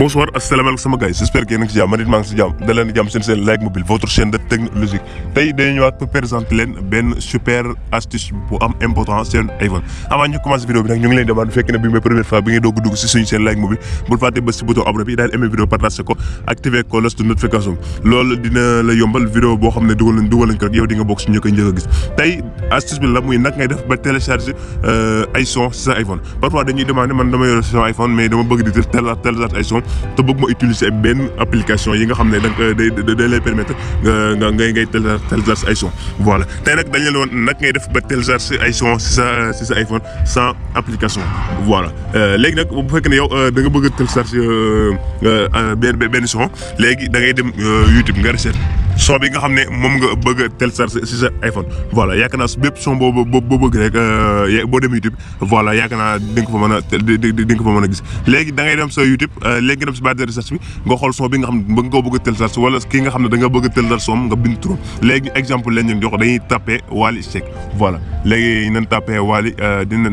bonsoir asalaamaaleykum sama gars yi j'espère que yéen a ngi si jàmm man it maa ngi si jàmm da leen di jàmm seen seen Like Mobile votre chaîne de technologie tey dañu ñëwaat pour présenter leen benn super astuce bu am importance seen iPhone avant ñu commencé vidéo bi nag ñu ngi leen di demaat fekk ne bi mooy première fois bi ngay doog a dugg si suñu seen Like Mobile bul fàtte bës si bouton abonné bi daal aimé vidéo partagé ko activé ko loolu de notification loolu dina la yombal vidéo boo xam ne dugal nañ dugal nañ ko rek yow di nga bokk si ñu koy njëkk a gis tey astuce bi la muy nag ngay def ba télécharger ay son si sa iPhone parfois dañuy demander man dama yor sama iPhone mais dama bëgg di télécharger ay son te bëgg ma utiliser benn application yi nga xam ne da day day lay permettre nga ngay ngay télécharger ay son voilà tey nag dañ leen woon nag ngay def ba télécharger ay son si sa si sa iPhone sans application voilà euh, léegi nag bu fekkee ne yow euh, da nga bëgg a télécharger euh, benn benn son léegi da ngay dem YouTube nga recherche son bi nga xam ne moom nga bëgg a si sa iPhone voilà yaakaar bépp son boo bëgg rek euh, boo dem YouTube voilà yaakaar naa fa mën a ko fa mën a gis léegi da ngay dem sa YouTube euh, léegi nga dem si barre de recherche bi nga xool son bi nga xam ne bëgg nga bëgg a télécharger nga da nga bëgg bind turam léegi exemple lañ leen jox dañuy tapé voilà léegi nañ tapé Wally euh, dina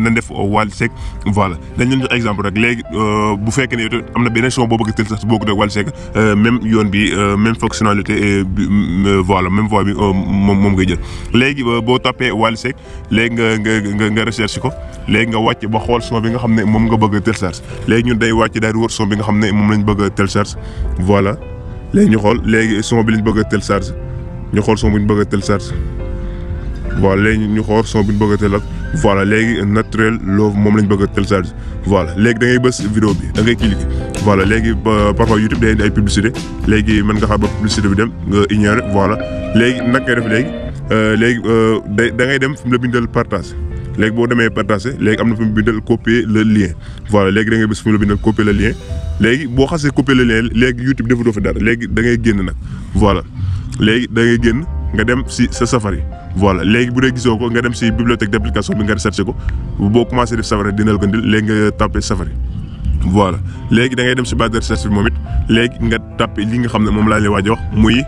voilà dañ bu fekkee ne am na beneen son boo bëgg def Wally Seck même yoon bi même fonctionnalité voix la même voix bi euh, moom moom ngay jël léegi euh, boo toppee Wally Seck léegi nga nga nga recherche ko léegi nga wàcc ba xool son bi nga xam ne moom nga bëgg a tel charge léegi ñu day wàcc daal di wër son nga xam ne moom lañ bëgg a tel charge voilà léegi ñu xool léegi son bi lañ bëgg a tel charge ñu xool son bi ñu bëgg a tel charge voilà léegi ñu xool son bi ñu bëgg a tël léegi naturel love moom lañ bëgg a tël charge voilà léegi da ngay bës vidéo bi da ngay cliquer voilà léegi parfois YouTube day indi ay publicité léegi mën nga xam ba bi dem nga ignorer voilà léegi nag ngay def léegi euh, léegi euh, da da ngay dem fi mu la bindal partage léegi boo demee partager léegi am na fi mu bindal copier le lien voilà léegi da ngay bés fi mu la bindal copier le lien léegi boo xasee copier le lien léegi YouTube defu doo fa dara léegi da ngay génn nag voilà léegi da génn nga dem si sa safari voilà léegi bu dee gisoo ko nga dem si bibliothèque d'application bi nga recherché ko boo commencé def safari dina la ko ndil léegi nga tapé safari voilà léegi dangay dem si base de recherche bi moom it léegi nga tapé li nga xam ne moom laa lay waaj muy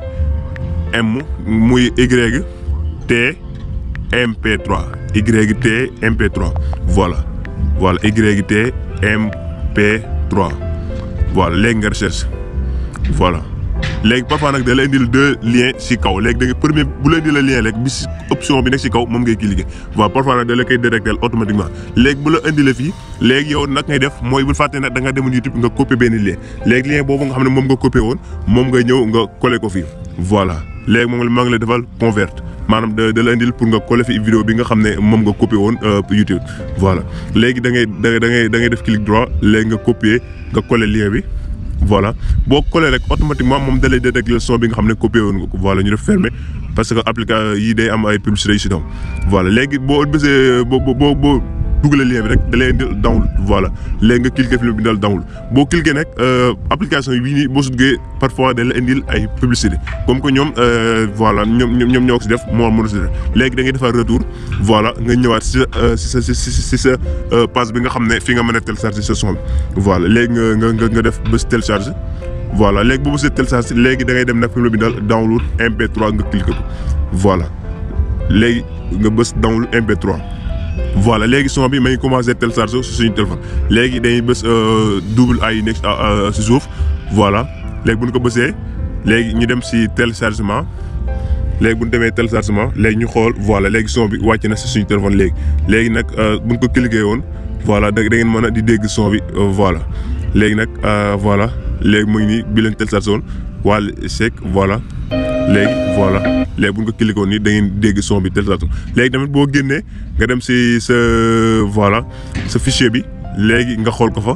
M muy Y T MP3 Y T MP3 voilà voilà Y T MP3 voilà léegi nga recherche voilà. léegi papa nag da lay indil deux si kaw léegi da premier bu lay indil lien rek bi si option bi nekk si kaw moom ngay cliquer waaw parfois nag da la koy directel automatiquement léegi bu la indilee yow nag ngay def mooy bu fàttee nag da nga demoon YouTube nga copier benn lien léegi lien boobu ne moom nga copier woon moom nga ñëw nga coller ko fii voilà léegi moom maa ngi lay defal convert maanaam da da la indil pour nga coller fi bi nga xam ne moom nga copier woon euh, YouTube voilà léegi da ngay da ngay da ngay def clic droit léegi nga copier nga coller lien bi voilà boo collé rek automatiquement moom dalay détecté son bi nga xam ne copié woon nga ko voilà ñu def fermé parce que application yi am ay publicité yu si daw voilà léegi boo bésee boo boo boo dugalee lien bi rek da lay indil download voilà léegi nga cliquer film bi dal download boo cliquer nag euh, application yi nii boo si duggee parfois dañ la indil ay publicité comme que ñoom euh, voilà ñoom ñoom ñoo ko def moo mën si def da ngay defar retour voilà nga ñëwaat si sa euh, si sa si sa page bi nga xam ne fi nga mën a télécharger sa son voilà léegi nga nga nga def ba si télécharger voilà léegi boobu si léegi da dem nag film bi dal download MP3 nga cliquer voilà léegi nga bës download mp voilà léegi son bi ma ngi commencé télécharger si suñu téléphone léegi dañuy bës euh, double A yi euh, euh, si suuf voilà léegi bu ñu ko bësee léegi ñu dem si téléchargement léegi bu ñu demee téléchargement léegi ñu xool voilà léegi son bi wàcc na si suñu téléphone léegi léegi nag bu ñu ko cliquer woon voilà da ngeen mën a di dégg son bi voilà léegi nag voilà léegi mu ngi nii bi leen téléchargé woon wàll sec voilà léegi voilà léegi bu ñu ko cliqué woon nii da ngeen dégg son bi delta léegi tamit boo génnee nga dem si sa voilà sa fichier bi léegi nga xool ko fa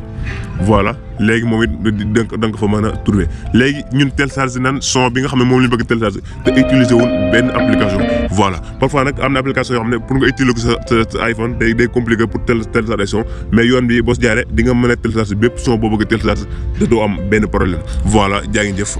voilà léegi moom it da fa mën a trouver léegi ñun télécharge nan son bi nga xam ne moom la bëgg télécharge te utiliser wul benn application voilà parfois nag am na application yoo xam ne pour nga utiliser ko sa iPhone day day compliqué pour télécharge ay son mais yoon bi boo si jaaree di nga mën a télécharge bépp son boo bëgg télécharge te doo am benn problème voilà jaa ngi